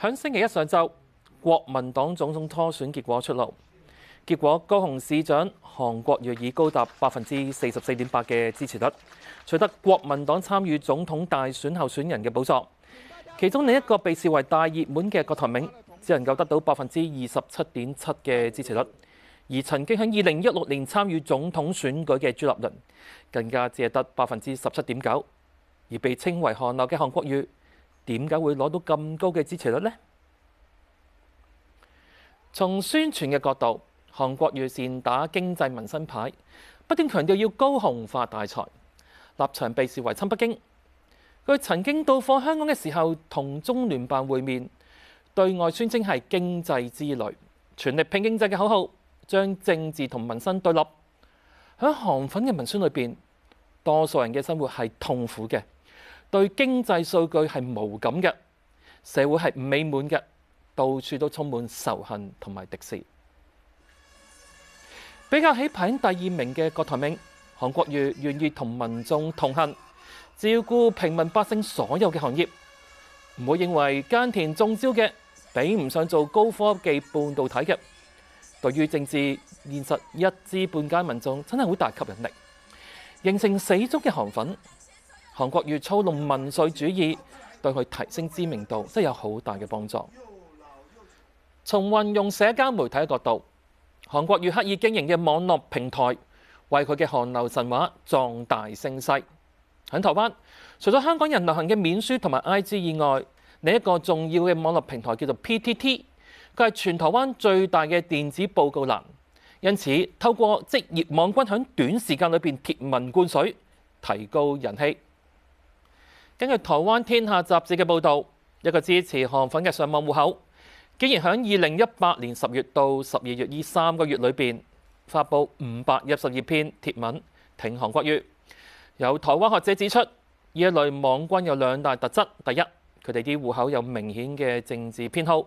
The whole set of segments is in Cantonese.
喺星期一上晝，國民黨總統初選結果出爐。結果高雄市長韓國瑜以高達百分之四十四點八嘅支持率，取得國民黨參與總統大選候選人嘅寶座。其中另一個被視為大熱門嘅郭台銘，只能夠得到百分之二十七點七嘅支持率。而曾經喺二零一六年參與總統選舉嘅朱立倫，更加只係得百分之十七點九。而被稱為韓流嘅韓國瑜，點解會攞到咁高嘅支持率呢？從宣傳嘅角度，韓國瑜先打經濟民生牌，不斷強調要高雄發大財，立場被視為親北京。佢曾經到訪香港嘅時候同中聯辦會面，對外宣稱係經濟之旅，全力拼經濟嘅口號，將政治同民生對立。喺韓粉嘅文宣裏邊，多數人嘅生活係痛苦嘅。對經濟數據係無感嘅，社會係唔美滿嘅，到處都充滿仇恨同埋敵視。比較起排第二名嘅郭台銘，韓國瑜願意同民眾同行，照顧平民百姓所有嘅行業，唔會認為耕田種蕉嘅比唔上做高科技半導體嘅。對於政治現實一知半解，民眾真係好大吸引力，形成死忠嘅韓粉。韓國瑜操弄民粹主義，對佢提升知名度真係有好大嘅幫助。從運用社交媒體嘅角度，韓國瑜刻意經營嘅網絡平台，為佢嘅韓流神話壯大聲勢。喺台灣，除咗香港人流行嘅面書同埋 I G 以外，另一個重要嘅網絡平台叫做 P T T，佢係全台灣最大嘅電子報告欄。因此，透過職業網軍喺短時間裏邊貼文灌水，提高人氣。根據台灣天下雜誌嘅報導，一個支持韓粉嘅上網戶口，竟然喺二零一八年十月到十二月呢三個月裏邊，發布五百一十二篇貼文，挺韓國瑜。有台灣學者指出，呢類網軍有兩大特質：第一，佢哋啲戶口有明顯嘅政治偏好；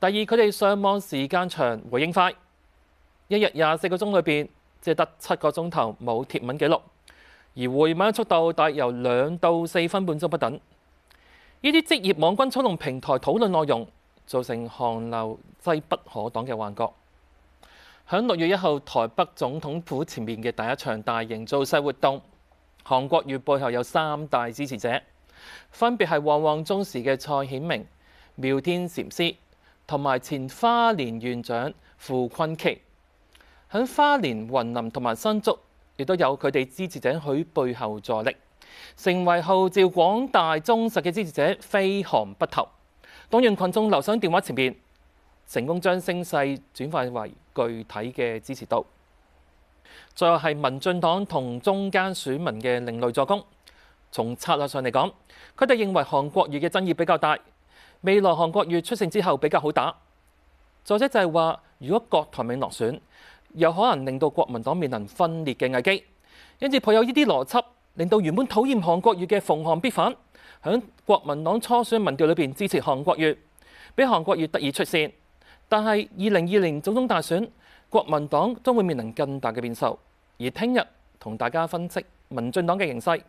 第二，佢哋上網時間長，回應快，一日廿四個鐘裏邊，即係得七個鐘頭冇貼文記錄。而回馬速度大約由兩到四分半鐘不等，呢啲職業網軍操弄平台討論內容，造成韓流勢不可擋嘅幻覺。響六月一號台北總統府前面嘅第一場大型造勢活動，韓國瑜背後有三大支持者，分別係旺旺中時嘅蔡衍明、妙天禪師同埋前花蓮縣長傅崐萁。響花蓮雲林、同埋新竹。亦都有佢哋支持者喺背後助力，成為號召廣大忠實嘅支持者非韓不投。黨員群眾留守電話前面，成功將聲勢轉化為具體嘅支持度。再係民進黨同中間選民嘅另類助攻。從策略上嚟講，佢哋認為韓國瑜嘅爭議比較大，未來韓國瑜出勝之後比較好打。作者就係話，如果郭台銘落選。有可能令到國民黨面臨分裂嘅危機，因此抱有呢啲邏輯，令到原本討厭韓國瑜嘅逢韓必反，響國民黨初選民調裏邊支持韓國瑜，俾韓國瑜得以出線。但係二零二零總統大選，國民黨將會面臨更大嘅變數。而聽日同大家分析民進黨嘅形勢。